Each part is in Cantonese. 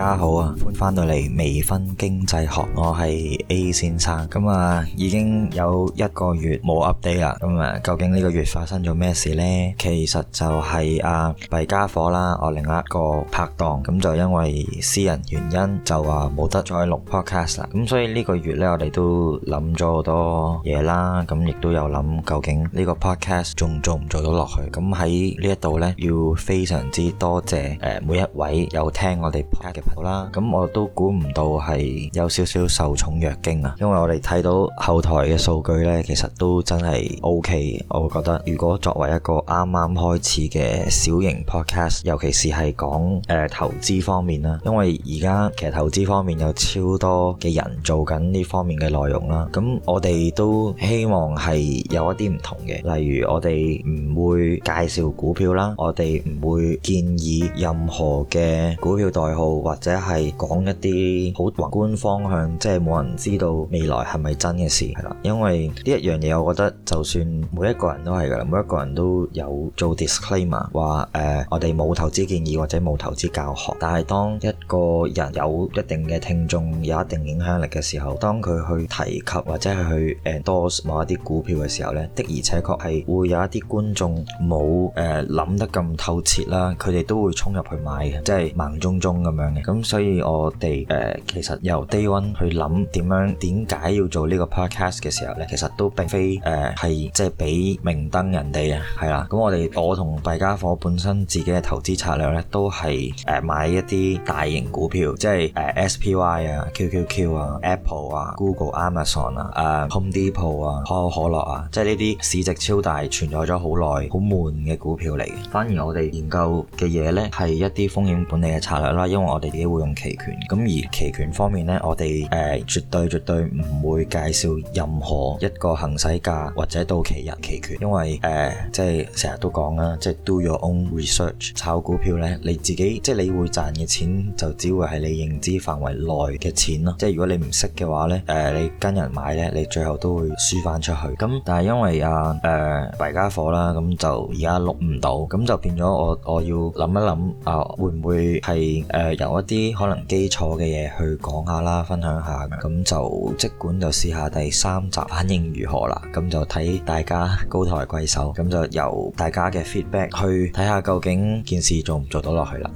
大家好啊，返翻到嚟微醺經濟學，我係 A 先生，咁啊已經有一個月冇 update 啦，咁啊究竟呢個月發生咗咩事咧？其實就係啊弊傢伙啦，我另一個拍檔，咁就因為私人原因就話冇得再錄 podcast 啦，咁所以呢個月咧我哋都諗咗好多嘢啦，咁亦都有諗究竟呢個 podcast 仲做唔做到落去？咁喺呢一度咧要非常之多謝誒每一位有聽我哋嘅。好啦，咁我都估唔到係有少少受寵若驚啊，因為我哋睇到後台嘅數據咧，其實都真係 O K。我覺得，如果作為一個啱啱開始嘅小型 podcast，尤其是係講誒、呃、投資方面啦，因為而家其實投資方面有超多嘅人做緊呢方面嘅內容啦，咁我哋都希望係有一啲唔同嘅，例如我哋唔會介紹股票啦，我哋唔會建議任何嘅股票代號或者。或者係講一啲好宏觀方向，即係冇人知道未來係咪真嘅事，係啦。因為呢一樣嘢，我覺得就算每一個人都係嘅，每一個人都有做 disclaimer 話誒、呃，我哋冇投資建議或者冇投資教學。但係當一個人有一定嘅聽眾、有一定影響力嘅時候，當佢去提及或者係去 endorse 某一啲股票嘅時候呢，的而且確係會有一啲觀眾冇誒諗得咁透徹啦，佢哋都會衝入去買嘅，即係盲舂舂咁樣嘅。咁所以我，我哋誒其實由 Day One 去諗點樣點解要做呢個 podcast 嘅時候咧，其實都並非誒係、呃、即係俾明燈人哋啊，係啦。咁我哋我同弊家夥本身自己嘅投資策略咧，都係誒、呃、買一啲大型股票，即係誒、呃、SPY 啊、QQQ 啊、Apple 啊、Google、Amazon 啊、誒、uh, Home Depot 啊、可口可樂啊，即係呢啲市值超大、存在咗好耐、好悶嘅股票嚟嘅。反而我哋研究嘅嘢咧，係一啲風險管理嘅策略啦，因為我哋。你會用期權，咁而期權方面咧，我哋誒、呃、絕對絕對唔會介紹任何一個行使價或者到期日期權，因為誒即係成日都講啦，即係 do your own research，炒股票咧，你自己即係你會賺嘅錢就只會係你認知範圍內嘅錢咯，即係如果你唔識嘅話咧，誒、呃、你跟人買咧，你最後都會輸翻出去。咁但係因為啊誒敗家伙啦，咁就而家錄唔到，咁就變咗我我要諗一諗啊、呃、會唔會係誒、呃、有一？啲可能基礎嘅嘢去講下啦，分享下，咁就即管就試下第三集反應如何啦，咁就睇大家高抬貴手，咁就由大家嘅 feedback 去睇下究竟件事做唔做到落去啦。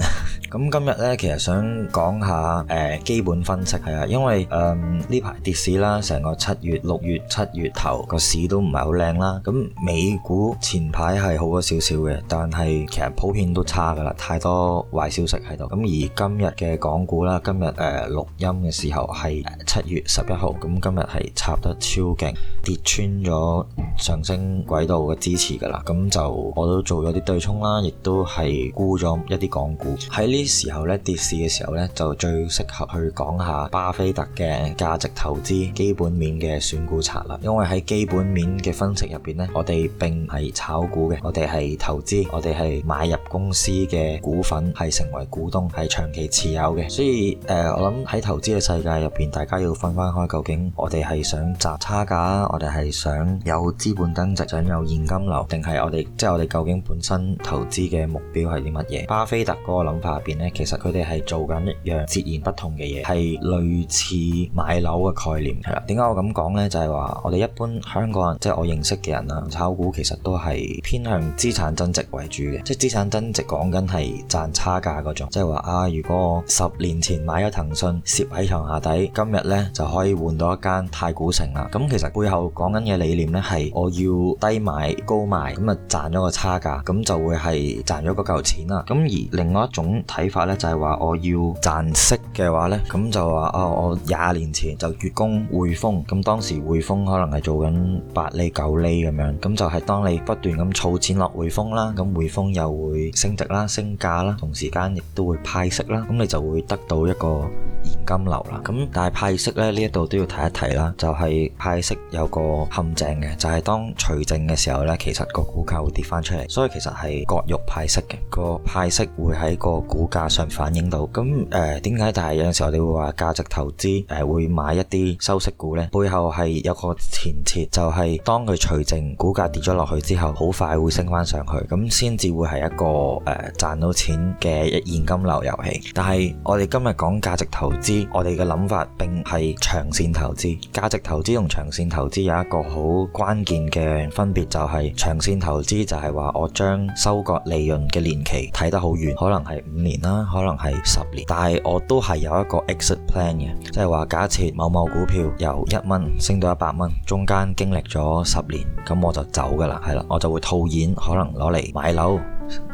咁 今日咧其實想講下誒、呃、基本分析係啊，因為誒呢排跌市啦，成個七月、六月、七月頭個市都唔係好靚啦。咁美股前排係好咗少少嘅，但係其實普遍都差噶啦，太多壞消息喺度。咁而今日嘅嘅港股啦，今日誒錄音嘅時候係呃七月十一號，咁今日係插得超勁，跌穿咗上升軌道嘅支持噶啦，咁就我都做咗啲對沖啦，亦都係沽咗一啲港股。喺呢時候咧跌市嘅時候咧，就最適合去講下巴菲特嘅價值投資基本面嘅選股策略，因為喺基本面嘅分析入邊咧，我哋並唔係炒股嘅，我哋係投資，我哋係買入公司嘅股份，係成為股東，係長期持。有嘅，所以誒、呃，我諗喺投資嘅世界入邊，大家要分翻開，究竟我哋係想賺差價，我哋係想有資本增值，想有現金流，定係我哋即係我哋究竟本身投資嘅目標係啲乜嘢？巴菲特嗰個諗法入邊呢，其實佢哋係做緊一樣截然不同嘅嘢，係類似買樓嘅概念，係啦。點解我咁講呢？就係、是、話我哋一般香港人，即、就、係、是、我認識嘅人啦，炒股其實都係偏向資產增值為主嘅，即、就、係、是、資產增值講緊係賺差價嗰種，即係話啊，如果十年前買咗騰訊，攝喺牆下底，今日呢就可以換到一間太古城啦。咁其實背後講緊嘅理念呢，係，我要低買高賣，咁啊賺咗個差價，咁就會係賺咗嗰嚿錢啦。咁而另外一種睇法呢，就係話，我要賺息嘅話呢，咁就話啊、哦，我廿年前就月供匯豐，咁當時匯豐可能係做緊八厘九厘咁樣，咁就係當你不斷咁儲錢落匯豐啦，咁匯豐又會升值啦、升價啦，同時間亦都會派息啦，就會得到一個現金流啦。咁但係派息咧，呢看一度都要提一提啦，就係、是、派息有個陷阱嘅，就係、是、當除淨嘅時候咧，其實個股價會跌翻出嚟。所以其實，係割肉派息嘅個派息會喺個股價上反映到。咁誒點解？但係有陣時候你會話價值投資誒、呃、會買一啲收息股咧，背後係有個前設，就係、是、當佢除淨股價跌咗落去之後，好快會升翻上去，咁先至會係一個誒、呃、賺到錢嘅現金流遊戲。但係 Hey, 我哋今日講價值投資，我哋嘅諗法並係長線投資。價值投資同長線投資有一個好關鍵嘅分別，就係長線投資就係話我將收割利潤嘅年期睇得好遠，可能係五年啦，可能係十年。但係我都係有一個 exit plan 嘅，即係話假設某某股票由一蚊升到一百蚊，中間經歷咗十年，咁我就走噶啦，係啦，我就會套現，可能攞嚟買樓。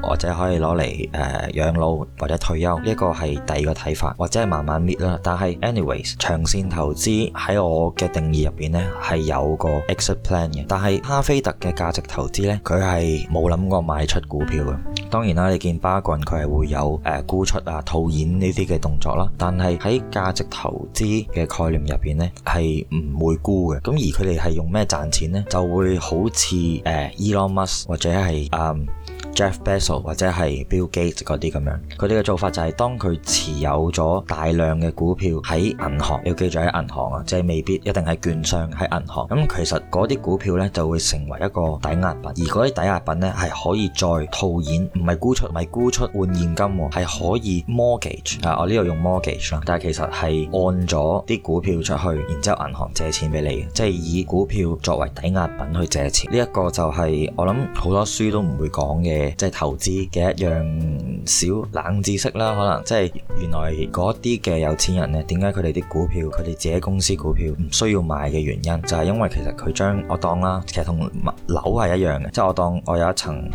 或者可以攞嚟誒養老或者退休呢一、這個係第二個睇法，或者係慢慢搣啦。但係 anyways，長線投資喺我嘅定義入邊呢係有個 exit plan 嘅。但係巴菲特嘅價值投資呢，佢係冇諗過賣出股票嘅。當然啦，你見巴郡佢係會有誒、呃、沽出啊套現呢啲嘅動作啦。但係喺價值投資嘅概念入邊呢，係唔會沽嘅。咁而佢哋係用咩賺錢呢？就會好似誒、呃、Elon Musk 或者係嗯。呃 Jeff Bezos 或者係 Bill Gates 嗰啲咁樣，佢哋嘅做法就係當佢持有咗大量嘅股票喺銀行，要記住喺銀行啊，即係未必一定係券商喺銀行。咁、嗯、其實嗰啲股票呢，就會成為一個抵押品，而嗰啲抵押品呢，係可以再套現，唔係沽出，唔係沽出換現金喎、哦，係可以 mortgage 啊，我呢度用 mortgage 啦，但係其實係按咗啲股票出去，然之後銀行借錢俾你，即係以股票作為抵押品去借錢。呢、這、一個就係、是、我諗好多書都唔會講嘅。即係投資嘅一樣小冷知識啦，可能即係原來嗰啲嘅有錢人呢，點解佢哋啲股票，佢哋自己公司股票唔需要賣嘅原因，就係、是、因為其實佢將我當啦，其實同樓係一樣嘅，即、就、係、是、我當我有一層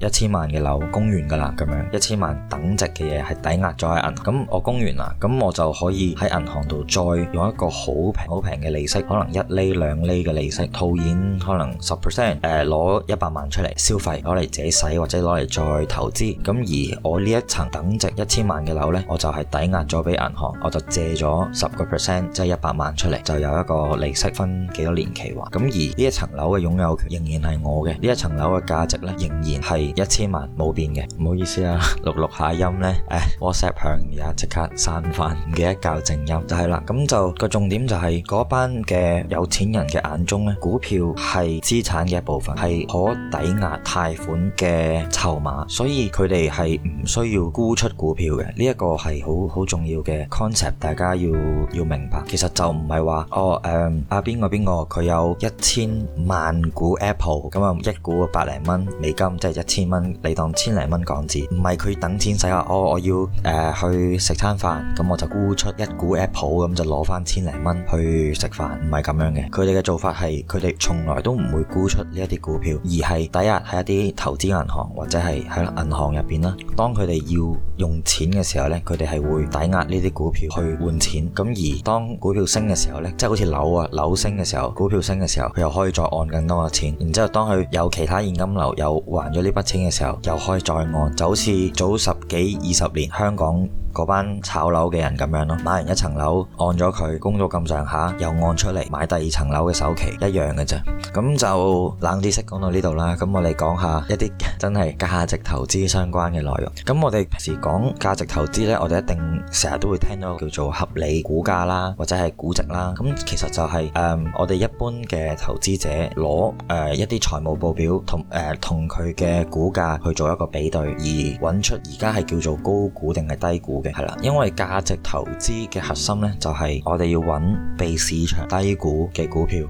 一千、呃、萬嘅樓供完㗎啦，咁樣一千萬等值嘅嘢係抵押咗喺銀行，咁我供完啦，咁我就可以喺銀行度再用一個好平好平嘅利息，可能一厘兩厘嘅利息套現，可能十 percent 誒攞一百萬出嚟消費，攞嚟自己使。或者攞嚟再投資，咁而我呢一層等值一千萬嘅樓呢，我就係抵押咗俾銀行，我就借咗十個 percent，即係一百萬出嚟，就有一個利息分幾多年期還。咁而呢一層樓嘅擁有權仍然係我嘅，呢一層樓嘅價值呢，仍然係一千萬冇變嘅。唔好意思啊，錄錄下音呢。誒、哎、WhatsApp 響也即刻刪翻，唔記得校靜音。就係、是、啦，咁就個重點就係嗰班嘅有錢人嘅眼中呢，股票係資產嘅一部分，係可抵押貸、貸款嘅。嘅籌碼，所以佢哋係唔需要沽出股票嘅，呢一個係好好重要嘅 concept，大家要要明白。其實就唔係話哦，誒阿邊個邊個佢有一千萬股 Apple 咁啊，一股百零蚊美金，即係一千蚊，你當千零蚊港紙，唔係佢等錢使啊！我我要誒去食餐飯，咁我就沽出一股 Apple 咁就攞翻千零蚊去食飯，唔係咁樣嘅。佢哋嘅做法係佢哋從來都唔會沽出呢一啲股票，而係抵押喺一啲投資銀行。或者係喺銀行入邊啦，當佢哋要用錢嘅時候呢，佢哋係會抵押呢啲股票去換錢。咁而當股票升嘅時候呢，即係好似樓啊，樓升嘅時候，股票升嘅時候，佢又可以再按更多嘅錢。然之後當佢有其他現金流，又還咗呢筆錢嘅時候，又可以再按。就好似早十幾、二十年香港。嗰班炒樓嘅人咁樣咯，買完一層樓按咗佢，供咗咁上下又按出嚟買第二層樓嘅首期一樣嘅啫。咁就冷知識講到呢度啦。咁我哋講下一啲真係價值投資相關嘅內容。咁我哋平時講價值投資呢，我哋一定成日都會聽到叫做合理股價啦，或者係估值啦。咁其實就係、是、誒、嗯、我哋一般嘅投資者攞誒、呃、一啲財務報表同誒、呃、同佢嘅股價去做一個比對，而揾出而家係叫做高估定係低估。係啦，因為價值投資嘅核心呢，就係、是、我哋要揾被市場低估嘅股票。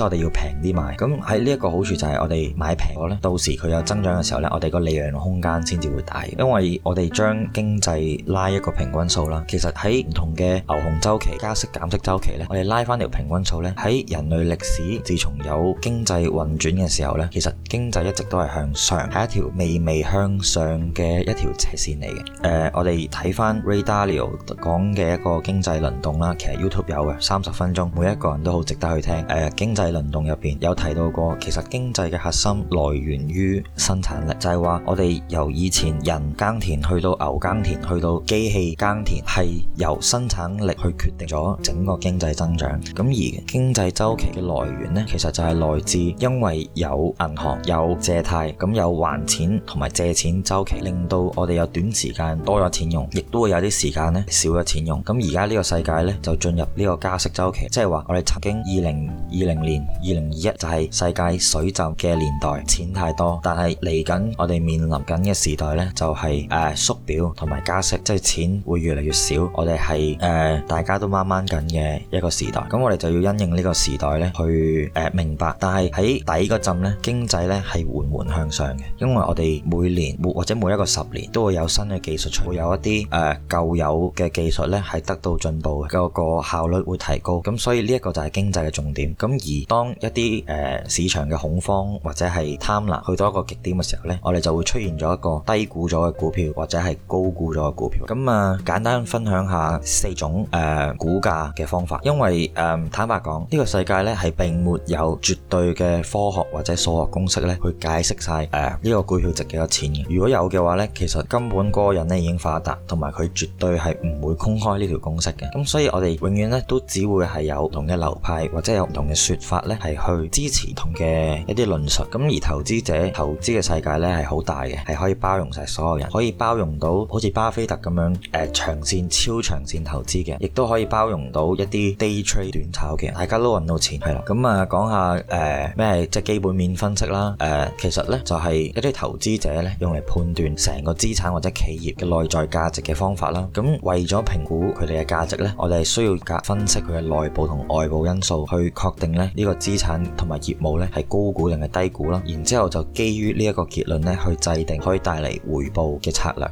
所以我哋要平啲買，咁喺呢一個好處就係我哋買平咗咧，到時佢有增長嘅時候咧，我哋個利潤空間先至會大。因為我哋將經濟拉一個平均數啦，其實喺唔同嘅牛熊週期、加息減息週期咧，我哋拉翻條平均數咧，喺人類歷史，自從有經濟運轉嘅時候咧，其實經濟一直都係向上，係一條微微向上嘅一條斜線嚟嘅。誒、呃，我哋睇翻 Ray Dalio 講嘅一個經濟輪動啦，其實 YouTube 有嘅三十分鐘，每一個人都好值得去聽。誒、呃，經濟。輪動入邊有提到過，其實經濟嘅核心來源於生產力，就係話我哋由以前人耕田去到牛耕田去到機器耕田，係由生產力去決定咗整個經濟增長。咁而經濟周期嘅來源呢，其實就係來自因為有銀行有借貸，咁有還錢同埋借錢周期，令到我哋有短時間多咗錢用，亦都會有啲時間呢，少咗錢用。咁而家呢個世界呢，就進入呢個加息周期，即係話我哋曾經二零二零年。二零二一就係世界水浸嘅年代，錢太多，但係嚟緊我哋面臨緊嘅時代呢，就係、是、誒、呃、縮表同埋加息，即、就、係、是、錢會越嚟越少。我哋係誒大家都掹掹緊嘅一個時代，咁我哋就要因應呢個時代呢去誒、呃、明白。但係喺底個陣呢，經濟呢係緩緩向上嘅，因為我哋每年或者每一個十年都會有新嘅技術出，會有一啲誒、呃、舊有嘅技術呢係得到進步嘅，個效率會提高。咁所以呢一個就係經濟嘅重點。咁而當一啲誒、呃、市場嘅恐慌或者係貪婪去到一個極點嘅時候呢，我哋就會出現咗一個低估咗嘅股票或者係高估咗嘅股票。咁啊、呃，簡單分享下四種誒、呃、股價嘅方法，因為誒、呃、坦白講，呢、呢個世界呢係並沒有絕對嘅科學或者數學公式咧去解釋晒誒呢個股票值幾多錢嘅。如果有嘅話呢，其實根本嗰個人咧已經發達，同埋佢絕對係唔會公開呢條公式嘅。咁所以我哋永遠咧都只會係有唔同嘅流派或者有唔同嘅說法。法咧係去支持同嘅一啲論述，咁而投資者投資嘅世界咧係好大嘅，係可以包容曬所有人，可以包容到好似巴菲特咁樣誒、呃、長線、超長線投資嘅，亦都可以包容到一啲 day trade 短炒嘅，大家都揾到錢係啦。咁啊講下誒咩、呃、即基本面分析啦，誒、呃、其實呢，就係、是、一啲投資者呢，用嚟判斷成個資產或者企業嘅內在價值嘅方法啦。咁為咗評估佢哋嘅價值呢，我哋係需要分析佢嘅內部同外部因素去確定呢。呢個資產同埋業務咧係高估定係低估啦，然之後就基於呢一個結論咧去制定可以帶嚟回報嘅策略。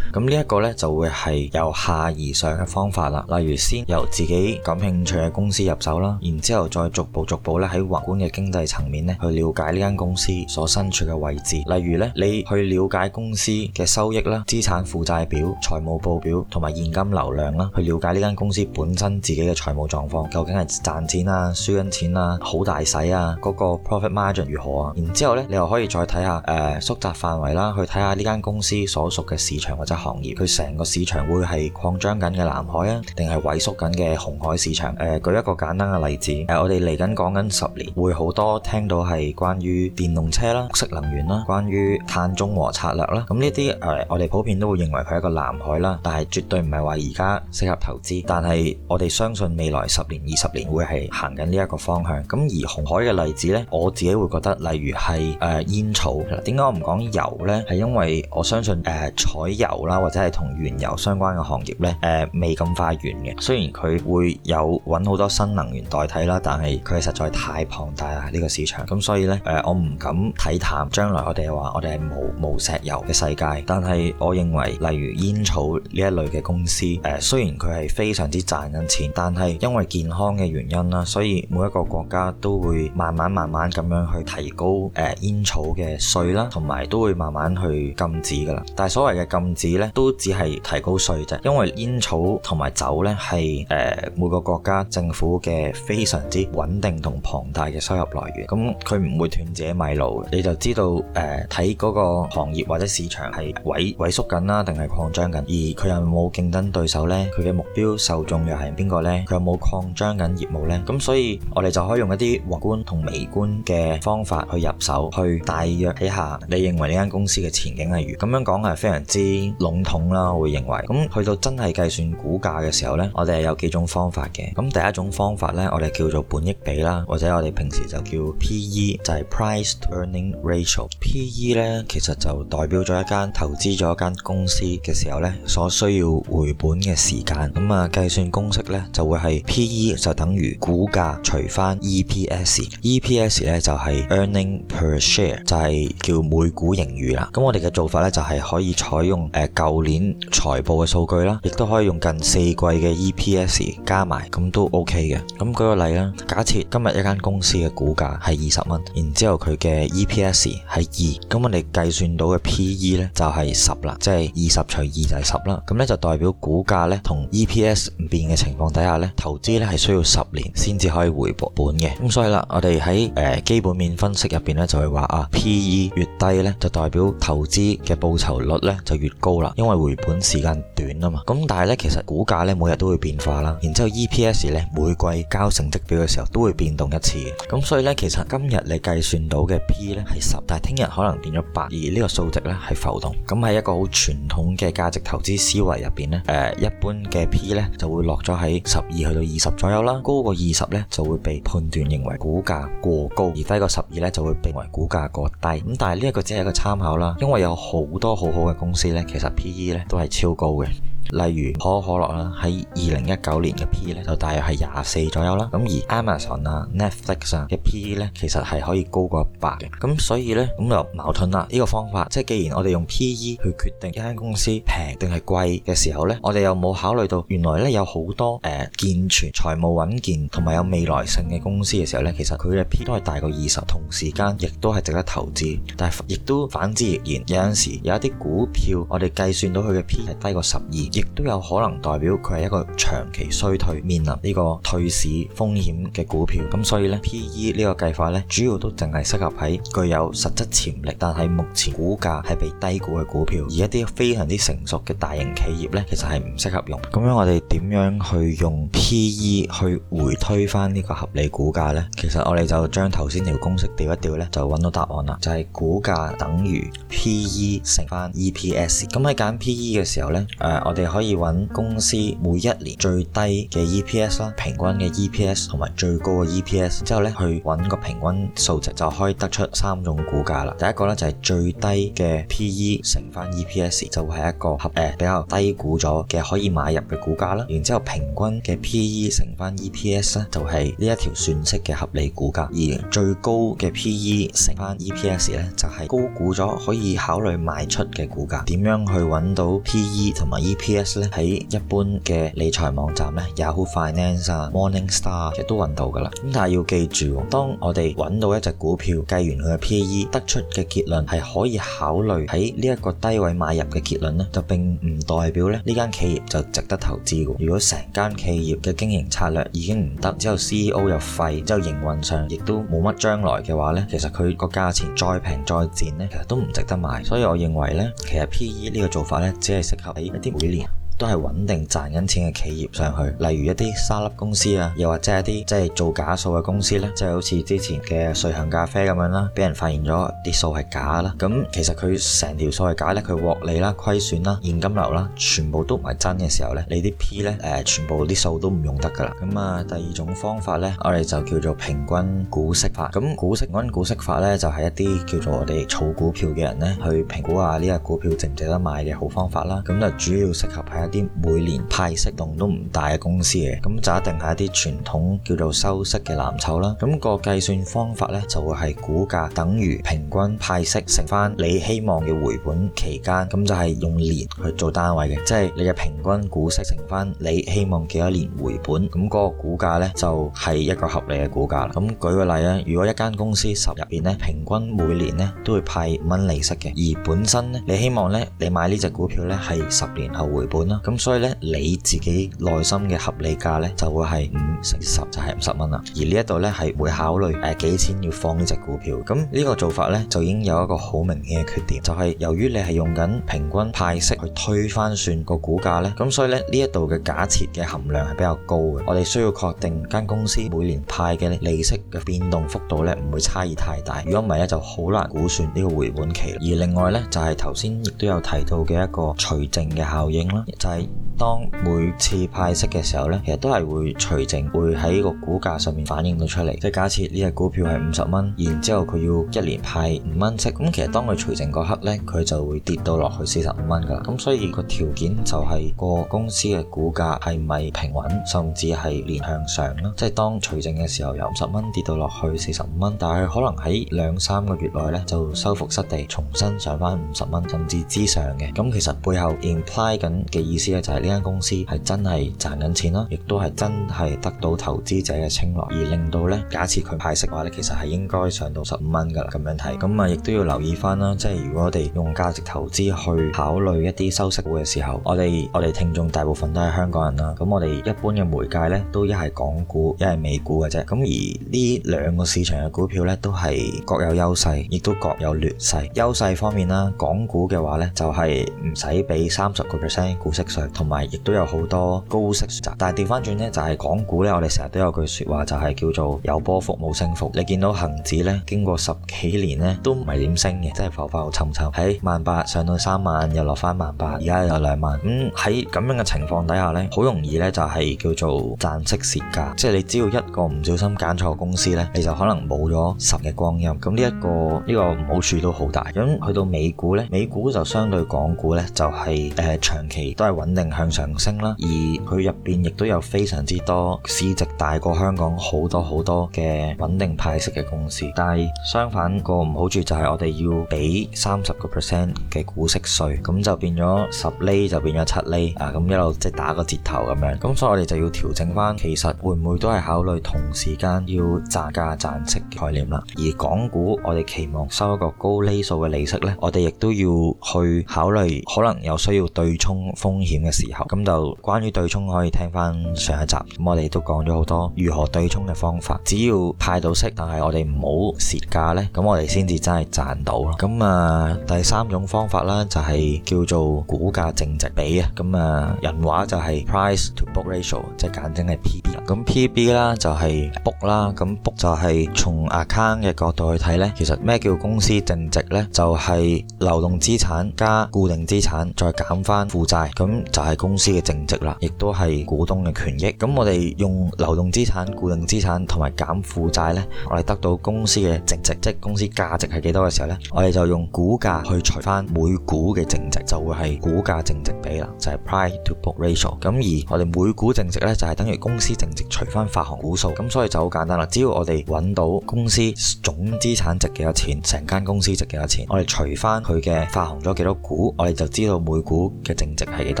咁呢一個呢，就會係由下而上嘅方法啦，例如先由自己感興趣嘅公司入手啦，然之後再逐步逐步咧喺宏觀嘅經濟層面呢，去了解呢間公司所身處嘅位置，例如呢，你去了解公司嘅收益啦、資產負債表、財務報表同埋現金流量啦，去了解呢間公司本身自己嘅財務狀況究竟係賺錢啊、輸緊錢啊、好大使啊，嗰個 profit margin 如何啊，然之後咧你又可以再睇下誒縮窄範圍啦，去睇下呢間公司所屬嘅市場行業佢成個市場會係擴張緊嘅藍海啊，定係萎縮緊嘅紅海市場？誒、呃，舉一個簡單嘅例子，誒、呃，我哋嚟緊講緊十年，會好多聽到係關於電動車啦、綠色能源啦、關於碳中和策略啦。咁呢啲誒，我哋普遍都會認為佢係一個藍海啦，但係絕對唔係話而家適合投資。但係我哋相信未來十年、二十年會係行緊呢一個方向。咁而紅海嘅例子呢，我自己會覺得，例如係誒煙草。點解我唔講油呢？係因為我相信誒，採、呃、油。油啦，或者係同原油相關嘅行業呢，誒、呃、未咁快完嘅。雖然佢會有搵好多新能源代替啦，但係佢係實在太龐大啦呢個市場。咁所以呢，誒、呃、我唔敢睇淡將來我哋話我哋係冇無石油嘅世界。但係我認為，例如煙草呢一類嘅公司，誒、呃、雖然佢係非常之賺緊錢，但係因為健康嘅原因啦，所以每一個國家都會慢慢慢慢咁樣去提高誒煙、呃、草嘅稅啦，同埋都會慢慢去禁止噶啦。但係所謂嘅禁止。只咧都只係提高稅啫，因為煙草同埋酒咧係誒每個國家政府嘅非常之穩定同龐大嘅收入來源，咁佢唔會斷自己米路。你就知道誒睇嗰個行業或者市場係萎萎縮緊啦，定係擴張緊，而佢又冇競爭對手呢？佢嘅目標受眾又係邊個呢？佢有冇擴張緊業務呢？咁所以我哋就可以用一啲宏觀同微觀嘅方法去入手，去大約睇下你認為呢間公司嘅前景係如何。咁樣講係非常之。籠統啦，會認為咁去到真係計算股價嘅時候呢，我哋係有幾種方法嘅。咁第一種方法呢，我哋叫做本益比啦，或者我哋平時就叫 P/E，就係 Price Earning Ratio。P/E 呢，其實就代表咗一間投資咗一間公司嘅時候呢，所需要回本嘅時間。咁啊，計算公式呢，就會係 P/E 就等於股價除翻 E P S。E P S 呢，就係、是、Earning Per Share，就係叫每股盈餘啦。咁我哋嘅做法呢，就係、是、可以採用。誒，舊年財報嘅數據啦，亦都可以用近四季嘅 EPS 加埋，咁都 OK 嘅。咁舉個例啦，假設今日一間公司嘅股價係二十蚊，然之後佢嘅 EPS 係二，咁我哋計算到嘅 PE 咧就係十啦，即係二十除二就係十啦。咁咧就代表股價咧同 EPS 唔變嘅情況底下咧，投資咧係需要十年先至可以回本嘅。咁所以啦，我哋喺誒基本面分析入邊咧就係話啊，PE 越低咧就代表投資嘅報酬率咧就越高。因為回本時間短啊嘛，咁但係咧，其實股價咧每日都會變化啦，然之後 E P S 咧每季交成績表嘅時候都會變動一次嘅，咁所以咧，其實今日你計算到嘅 P 咧係十，但係聽日可能變咗八，而呢個數值咧係浮動，咁喺一個好傳統嘅價值投資思維入邊咧，誒一般嘅 P 咧就會落咗喺十二去到二十左右啦，高過二十咧就會被判斷認為股價過高，而低過十二咧就會被認為股價過低，咁但係呢一個只係一個參考啦，因為有好多好好嘅公司咧其實 PE 都係超高嘅。例如可口可樂啦，喺二零一九年嘅 P 咧就大約係廿四左右啦。咁而 Amazon 啊、Netflix 啊嘅 P 咧其實係可以高過一百嘅。咁所以呢，咁就矛盾啦。呢、這個方法即係既然我哋用 P/E 去決定一間公司平定係貴嘅時候呢，我哋又冇考慮到原來呢有好多誒、呃、健全、財務穩健同埋有，有未來性嘅公司嘅時候呢，其實佢嘅 P 都係大過二十，同時間亦都係值得投資。但係亦都反之亦然，有陣時有一啲股票我哋計算到佢嘅 P 係低過十二。亦都有可能代表佢係一個長期衰退、面臨呢個退市風險嘅股票，咁所以呢 P/E 呢個計法呢，主要都淨係適合喺具有實質潛力，但係目前股價係被低估嘅股票，而一啲非常之成熟嘅大型企業呢，其實係唔適合用。咁樣我哋點樣去用 P/E 去回推返呢個合理股價呢？其實我哋就將頭先條公式調一調呢，就揾到答案啦，就係、是、股價等於 P/E 乘返 EPS。咁喺揀 P/E 嘅時候呢，誒、呃、我哋。可以揾公司每一年最低嘅 EPS 啦，平均嘅 EPS 同埋最高嘅 EPS，之後咧去揾個平均數值，就可以得出三種股價啦。第一個咧就係最低嘅 PE 乘翻 EPS，就係一個合誒、呃、比較低估咗嘅可以買入嘅股價啦。然之後平均嘅 PE 乘翻 EPS 咧，就係、是、呢一條算式嘅合理股價。而最高嘅 PE 乘翻 EPS 咧，就係、是、高估咗可以考慮賣出嘅股價。點樣去揾到 PE 同埋 EPS？喺一般嘅理財網站咧，Yahoo Finance 啊、Morning Star 亦都揾到噶啦。咁但係要記住，當我哋揾到一隻股票計完佢嘅 P/E，得出嘅結論係可以考慮喺呢一個低位買入嘅結論咧，就並唔代表咧呢間企業就值得投資㗎。如果成間企業嘅經營策略已經唔得，之後 CEO 又廢，之後營運上亦都冇乜將來嘅話咧，其實佢個價錢再平再賤咧，其實都唔值得買。所以我認為咧，其實 P/E 呢個做法咧，只係適合喺一啲每年都係穩定賺緊錢嘅企業上去，例如一啲沙粒公司啊，又或者一啲即係做假數嘅公司咧，即係好似之前嘅瑞幸咖啡咁樣啦，俾人發現咗啲數係假啦。咁其實佢成條數係假咧，佢獲利啦、虧損啦、現金流啦，全部都唔係真嘅時候咧，你啲 P 咧誒，全部啲數都唔用得噶啦。咁啊，第二種方法咧，我哋就叫做平均股息法。咁股息均股息法咧，就係、是、一啲叫做我哋儲股票嘅人咧，去評估下呢個股票值唔值得買嘅好方法啦。咁就主要適合喺啲每年派息用都唔大嘅公司嘅，咁就一定係一啲傳統叫做收息嘅藍籌啦。咁個計算方法咧，就會係股價等於平均派息乘翻你希望嘅回本期間，咁就係用年去做單位嘅，即係你嘅平均股息乘翻你希望幾多年回本，咁嗰個股價咧就係一個合理嘅股價啦。咁舉個例咧，如果一間公司十入邊咧平均每年咧都會派五蚊利息嘅，而本身咧你希望咧你買呢隻股票咧係十年後回本。咁所以咧，你自己內心嘅合理價咧，就會係五乘十就係五十蚊啦。而呢一度咧係會考慮誒、呃、幾錢要放呢隻股票。咁呢個做法咧就已經有一個好明顯嘅缺點，就係、是、由於你係用緊平均派息去推翻算個股價咧，咁所以咧呢一度嘅假設嘅含量係比較高嘅。我哋需要確定間公司每年派嘅利息嘅變動幅度咧唔會差異太大，如果唔係咧就好難估算呢個回本期。而另外咧就係頭先亦都有提到嘅一個除淨嘅效應啦。就係當每次派息嘅時候呢，其實都係會除淨，會喺個股價上面反映到出嚟。即係假設呢隻股票係五十蚊，然之後佢要一年派五蚊息，咁其實當佢除淨嗰刻呢，佢就會跌到落去四十五蚊㗎。咁所以個條件就係個公司嘅股價係咪平穩，甚至係連向上啦。即係當除淨嘅時候由五十蚊跌到落去四十五蚊，但係佢可能喺兩三個月內呢，就收復失地，重新上翻五十蚊甚至之上嘅。咁其實背後 imply 緊嘅。意思咧就係呢間公司係真係賺緊錢啦，亦都係真係得到投資者嘅青睞，而令到呢，假設佢派息嘅話呢，其實係應該上到十五蚊噶啦，咁樣睇。咁啊，亦都要留意翻啦，即係如果我哋用價值投資去考慮一啲收息股嘅時候，我哋我哋聽眾大部分都係香港人啦，咁我哋一般嘅媒介呢，都一係港股一係美股嘅啫。咁而呢兩個市場嘅股票呢，都係各有優勢，亦都各有劣勢。優勢方面啦，港股嘅話呢，就係唔使俾三十個 percent 股息同埋亦都有好多高息，但係調翻轉呢，就係港股呢。我哋成日都有句説話，就係叫做有波幅冇升幅。你見到恒指呢，經過十幾年呢，都唔係點升嘅，即係浮浮沉沉，喺萬八上到三萬又落翻萬八，而家有兩萬。咁喺咁樣嘅情況底下呢，好容易呢，就係叫做賺息蝕價，即係你只要一個唔小心揀錯公司呢，你就可能冇咗十日光陰。咁呢一個呢、呢個好處都好大。咁去到美股呢，美股就相對港股呢，就係、是、誒、呃、長期都係。穩定向上升啦，而佢入邊亦都有非常之多市值大過香港好多好多嘅穩定派息嘅公司，但係相反個唔好處就係我哋要俾三十個 percent 嘅股息稅，咁就變咗十厘就變咗七厘啊，咁一路即係打個折頭咁樣，咁所以我哋就要調整翻，其實會唔會都係考慮同時間要賺價賺息嘅概念啦？而港股我哋期望收一個高厘數嘅利息呢，我哋亦都要去考慮，可能有需要對沖風險嘅時候，咁就關於對沖可以聽翻上一集，咁我哋都講咗好多如何對沖嘅方法，只要派到息，但係我哋唔好蝕價呢，咁我哋先至真係賺到咯。咁啊，第三種方法啦，就係、是、叫做股價淨值比啊，咁啊，人話就係 price to book ratio，即係簡稱係 P B。咁 P B 啦就係、是、book 啦，咁 book 就係從 account 嘅角度去睇呢。其實咩叫公司淨值呢？就係、是、流動資產加固定資產再減翻負債咁。咁就係公司嘅淨值啦，亦都係股東嘅權益。咁我哋用流動資產、固定資產同埋減負債咧，我哋得到公司嘅淨值，即係公司價值係幾多嘅時候咧，我哋就用股價去除翻每股嘅淨值，就會係股價淨值比啦，就係 price to book ratio。咁而我哋每股淨值咧就係等於公司淨值除翻發行股數。咁所以就好簡單啦，只要我哋揾到公司總資產值幾多錢，成間公司值幾多錢，我哋除翻佢嘅發行咗幾多股，我哋就知道每股嘅淨值係幾多。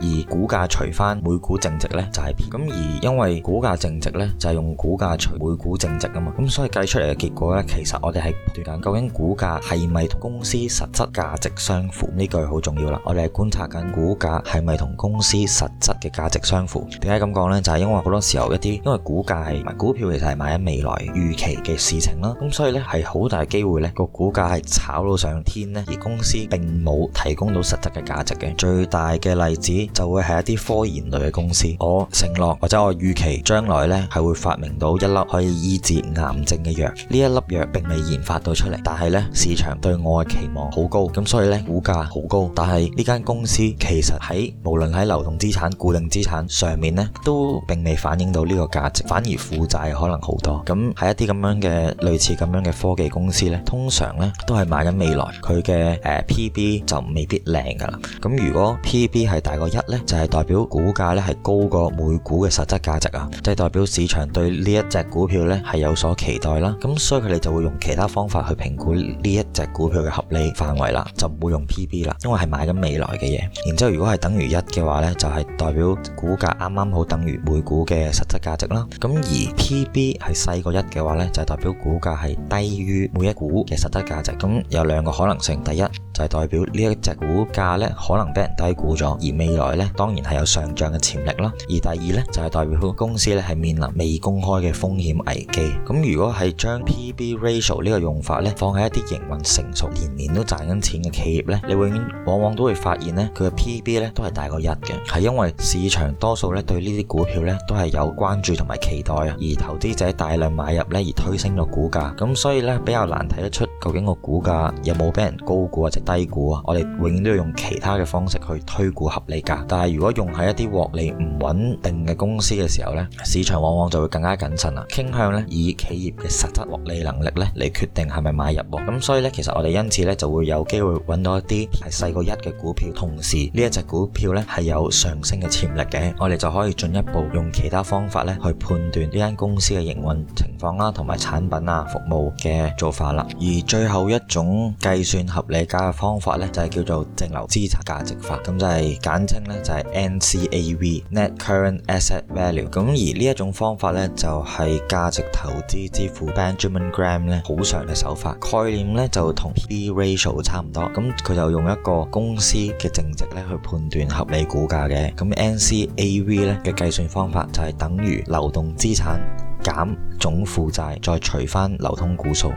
而股價除翻每股淨值呢，就係平。咁而因為股價淨值呢，就係用股價除每股淨值啊嘛，咁所以計出嚟嘅結果呢，其實我哋係判斷緊究竟股價係咪同公司實質價值相符呢。句好重要啦，我哋係觀察緊股價係咪同公司實質嘅價值相符點解咁講呢？就係、是、因為好多時候一啲因為，股價係買股票，其實係買緊未來預期嘅事情啦，咁所以呢，係好大機會呢，個股價係炒到上天呢，而公司並冇提供到實質嘅價值嘅最大嘅例子。就會係一啲科研類嘅公司，我承諾或者我預期將來呢係會發明到一粒可以醫治癌症嘅藥，呢一粒藥並未研發到出嚟，但係呢市場對我嘅期望好高，咁所以呢，股價好高，但係呢間公司其實喺無論喺流動資產、固定資產上面呢，都並未反映到呢個價值，反而負債可能好多，咁喺一啲咁樣嘅類似咁樣嘅科技公司呢，通常呢都係買緊未來，佢嘅誒 P B 就未必靚噶啦，咁如果 P B 係大過一咧，就係代表股價咧係高過每股嘅實質價值啊，即係代表市場對呢一隻股票咧係有所期待啦。咁所以佢哋就會用其他方法去評估呢一隻股票嘅合理範圍啦，就唔會用 P/B 啦，因為係買緊未來嘅嘢。然之後如果係等於一嘅話咧，就係代表股價啱啱好等於每股嘅實質價值啦。咁而 P/B 係細過一嘅話咧，就係代表股價係低於每一股嘅實質價值。咁有兩個可能性，第一。就係代表呢一隻股價咧，可能俾人低估咗，而未來咧當然係有上漲嘅潛力啦。而第二咧就係代表公司咧係面臨未公開嘅風險危機。咁如果係將 P/B ratio 呢個用法咧放喺一啲營運成熟、年年都賺緊錢嘅企業咧，你永遠往往都會發現咧佢嘅 P/B 咧都係大過一嘅，係因為市場多數咧對呢啲股票咧都係有關注同埋期待啊，而投資者大量買入咧而推升咗股價，咁所以咧比較難睇得出究竟個股價有冇俾人高估或者。低估啊！我哋永遠都要用其他嘅方式去推估合理價，但係如果用喺一啲獲利唔穩定嘅公司嘅時候呢，市場往往就會更加謹慎啦，傾向咧以企業嘅實質獲利能力咧嚟決定係咪買入。咁所以咧，其實我哋因此咧就會有機會揾到一啲係細過一嘅股票，同時呢一隻股票咧係有上升嘅潛力嘅，我哋就可以進一步用其他方法咧去判斷呢間公司嘅營運情況啦，同埋產品啊服務嘅做法啦。而最後一種計算合理價。方法咧就係叫做淨流資產價值法，咁就係簡稱咧就係 NCAV（Net Current Asset Value）。咁而呢一種方法咧就係價值投資之父 Benjamin Graham 咧好常嘅手法，概念咧就同 P/B ratio 差唔多。咁佢就用一個公司嘅淨值咧去判斷合理股價嘅。咁 NCAV 咧嘅計算方法就係等於流動資產減總負債再除翻流通股數，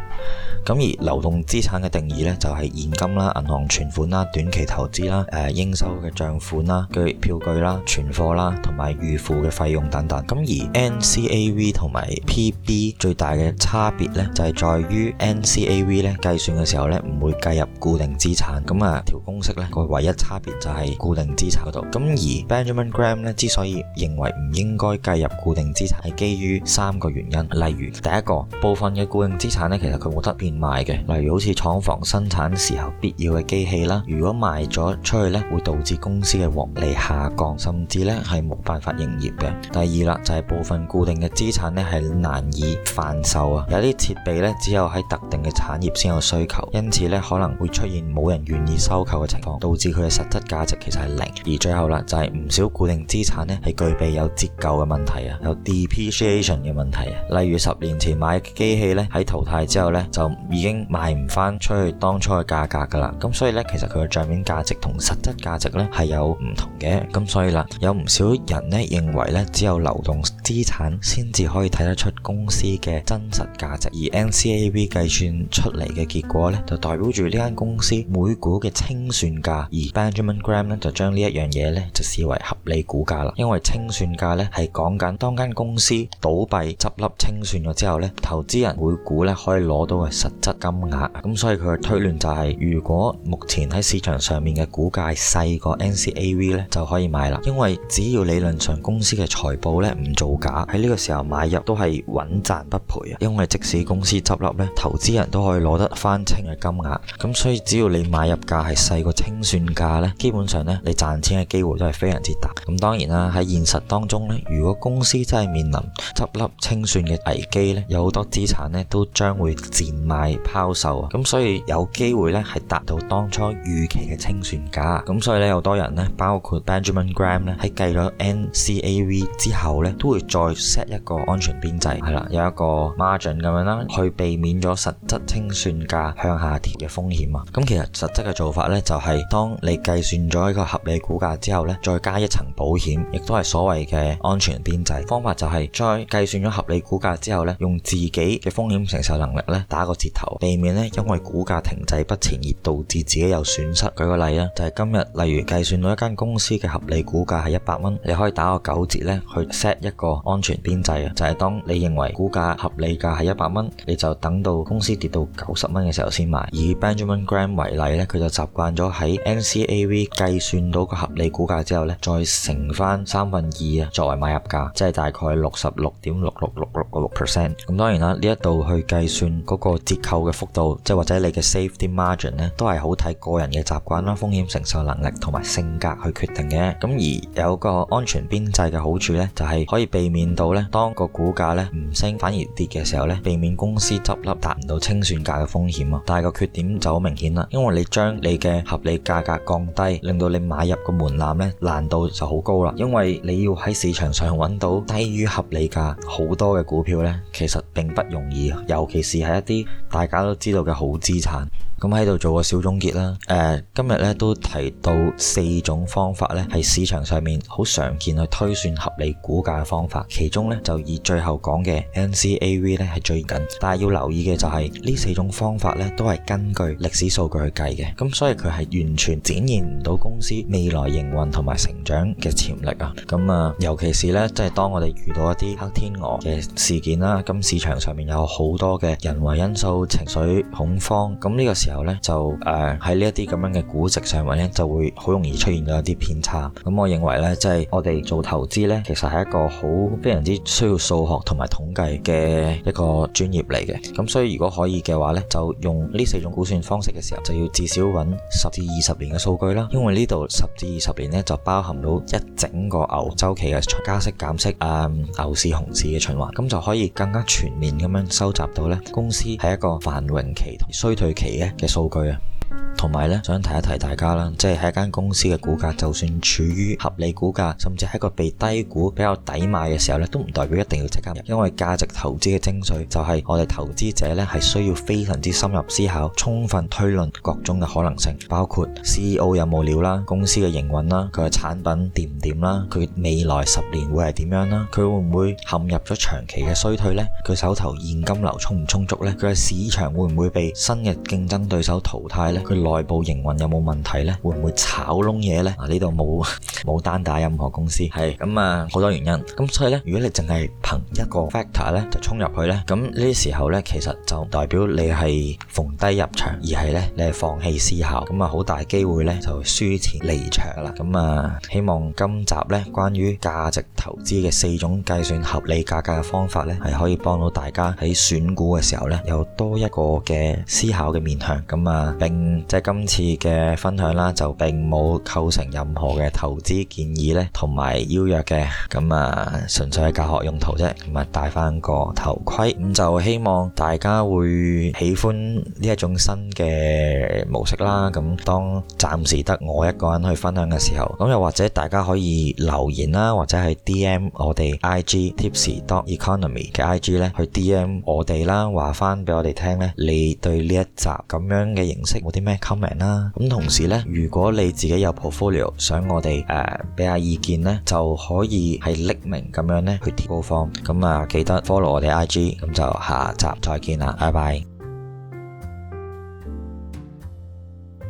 咁而流動資產嘅定義咧就係、是、現金啦、銀行存款啦、短期投資啦、誒、呃、應收嘅帳款啦、據票據、啦、存貨啦同埋預付嘅費用等等。咁而 NCAV 同埋 PB 最大嘅差別咧就係、是、在於 NCAV 咧計算嘅時候咧唔會計入固定資產，咁啊條公式咧個唯一差別就係固定資產度。咁而 Benjamin Graham 咧之所以認為唔應該計入固定資產，係基於三個原因。例如，第一個部分嘅固定資產咧，其實佢冇得變賣嘅，例如好似廠房生產時候必要嘅機器啦，如果賣咗出去咧，會導致公司嘅獲利下降，甚至咧係冇辦法營業嘅。第二啦，就係部分固定嘅資產咧係難以販售啊，有啲設備咧只有喺特定嘅產業先有需求，因此咧可能會出現冇人願意收購嘅情況，導致佢嘅實質價值其實係零。而最後啦，就係唔少固定資產咧係具備有折舊嘅問題啊，有 depreciation 嘅問題啊。例如十年前買嘅機器咧,喺淘汰之後咧，就已經賣唔翻出去當初嘅價格噶啦。咁所以咧，其實佢嘅賬面價值同實質價值咧係有唔同嘅。咁所以啦，有唔少人咧認為咧，只有流動資產先至可以睇得出公司嘅真實價值。而 NCAV 計算出嚟嘅結果咧，就代表住呢間公司每股嘅清算價，而 Benjamin Graham 咧就將呢一樣嘢咧就視為合理股價啦。因為清算價咧係講緊當間公司倒閉執笠。清算咗之後呢，投資人每股呢可以攞到嘅實質金額，咁所以佢嘅推論就係、是，如果目前喺市場上面嘅股價細過 NCAV 呢，就可以買啦。因為只要理論上公司嘅財報呢唔造假，喺呢個時候買入都係穩賺不賠啊。因為即使公司執笠呢，投資人都可以攞得翻清嘅金額，咁所以只要你買入價係細過清算價呢，基本上呢，你賺錢嘅機會都係非常之大。咁當然啦，喺現實當中呢，如果公司真係面臨執笠清算嘅，危機咧，有好多資產咧都將會賤賣拋售啊，咁所以有機會咧係達到當初預期嘅清算價。咁所以咧好多人咧，包括 Benjamin Graham 咧，喺計咗 NCAV 之後咧，都會再 set 一個安全邊際，係啦，有一個 margin 咁樣啦，去避免咗實質清算價向下跌嘅風險啊。咁其實實質嘅做法咧就係、是，當你計算咗一個合理股價之後咧，再加一層保險，亦都係所謂嘅安全邊際方法，就係再計算咗合理股價。之後咧，用自己嘅風險承受能力咧打個折頭，避免咧因為股價停滯不前而導致自己有損失。舉個例啊，就係今日，例如計算到一間公司嘅合理股價係一百蚊，你可以打個九折咧去 set 一個安全邊際啊，就係當你認為股價合理價係一百蚊，你就等到公司跌到九十蚊嘅時候先買。以 Benjamin Graham 為例咧，佢就習慣咗喺 NCAV 計算到個合理股價之後咧，再乘翻三分二啊，作為買入價，即係大概六十六點六六六六。六，咁當然啦，呢一度去計算嗰個折扣嘅幅度，即係或者你嘅 safety margin 咧，都係好睇個人嘅習慣啦、風險承受能力同埋性格去決定嘅。咁而有個安全邊際嘅好處咧，就係可以避免到咧當個股價咧唔升反而跌嘅時候咧，避免公司執笠達唔到清算價嘅風險啊。但係個缺點就好明顯啦，因為你將你嘅合理價格降低，令到你買入個門檻咧難度就好高啦，因為你要喺市場上揾到低於合理價好多嘅股票咧，其實並不容易，尤其是係一啲大家都知道嘅好資產。咁喺度做個小總結啦，誒、呃、今日咧都提到四種方法咧，係市場上面好常見去推算合理股價嘅方法，其中咧就以最後講嘅 NCAV 咧係最緊，但係要留意嘅就係、是、呢四種方法咧都係根據歷史數據去計嘅，咁所以佢係完全展現唔到公司未來營運同埋成長嘅潛力啊，咁啊尤其是咧即係當我哋遇到一啲黑天鵝嘅事件啦，咁市場上面有好多嘅人為因素、情緒恐慌，咁呢個時候，咧就誒喺呢一啲咁樣嘅估值上面，咧，就會好容易出現咗一啲偏差。咁我認為咧，即係我哋做投資咧，其實係一個好非常之需要數學同埋統計嘅一個專業嚟嘅。咁所以如果可以嘅話咧，就用呢四種估算方式嘅時候，就要至少揾十至二十年嘅數據啦。因為呢度十至二十年咧，就包含到一整個牛周期嘅加息減息啊、嗯、牛市熊市嘅循環，咁就可以更加全面咁樣收集到咧公司係一個繁榮期同衰退期嘅嘅數據啊！同埋咧，想提一提大家啦，即係喺一間公司嘅股價，就算處於合理股價，甚至係一個被低估、比較抵買嘅時候咧，都唔代表一定要即刻入，因為價值投資嘅精髓就係我哋投資者咧係需要非常之深入思考，充分推論各種嘅可能性，包括 CEO 有冇料啦，公司嘅營運啦，佢嘅產品掂唔掂啦，佢未來十年會係點樣啦，佢會唔會陷入咗長期嘅衰退呢？佢手頭現金流充唔充足呢？佢嘅市場會唔會被新嘅競爭對手淘汰呢？內部營運有冇問題呢？會唔會炒窿嘢呢？啊，呢度冇冇單打任何公司，係咁啊，好多原因。咁所以呢，如果你淨係憑一個 factor 呢，就衝入去呢。咁呢啲時候呢，其實就代表你係逢低入場，而係呢，你係放棄思考，咁啊好大機會呢，就輸錢離場啦。咁啊，希望今集呢，關於價值投資嘅四種計算合理價格嘅方法呢，係可以幫到大家喺選股嘅時候呢，有多一個嘅思考嘅面向。咁啊並今次嘅分享啦，就並冇構成任何嘅投資建議咧，同埋邀約嘅，咁啊，純粹係教學用途啫。咁啊，戴翻個頭盔，咁就希望大家會喜歡呢一種新嘅模式啦。咁當暫時得我一個人去分享嘅時候，咁又或者大家可以留言啦，或者係 D M 我哋 I G tipsy dot economy 嘅 I G 咧，去 D M 我哋啦、e，話翻俾我哋聽咧，你對呢一集咁樣嘅形式冇啲咩？comment 啦，咁同時呢，如果你自己有 portfolio，想我哋誒俾下意見呢，就可以係匿名咁樣呢去投稿。咁啊，記得 follow 我哋 IG，咁就下集再見啦，拜拜。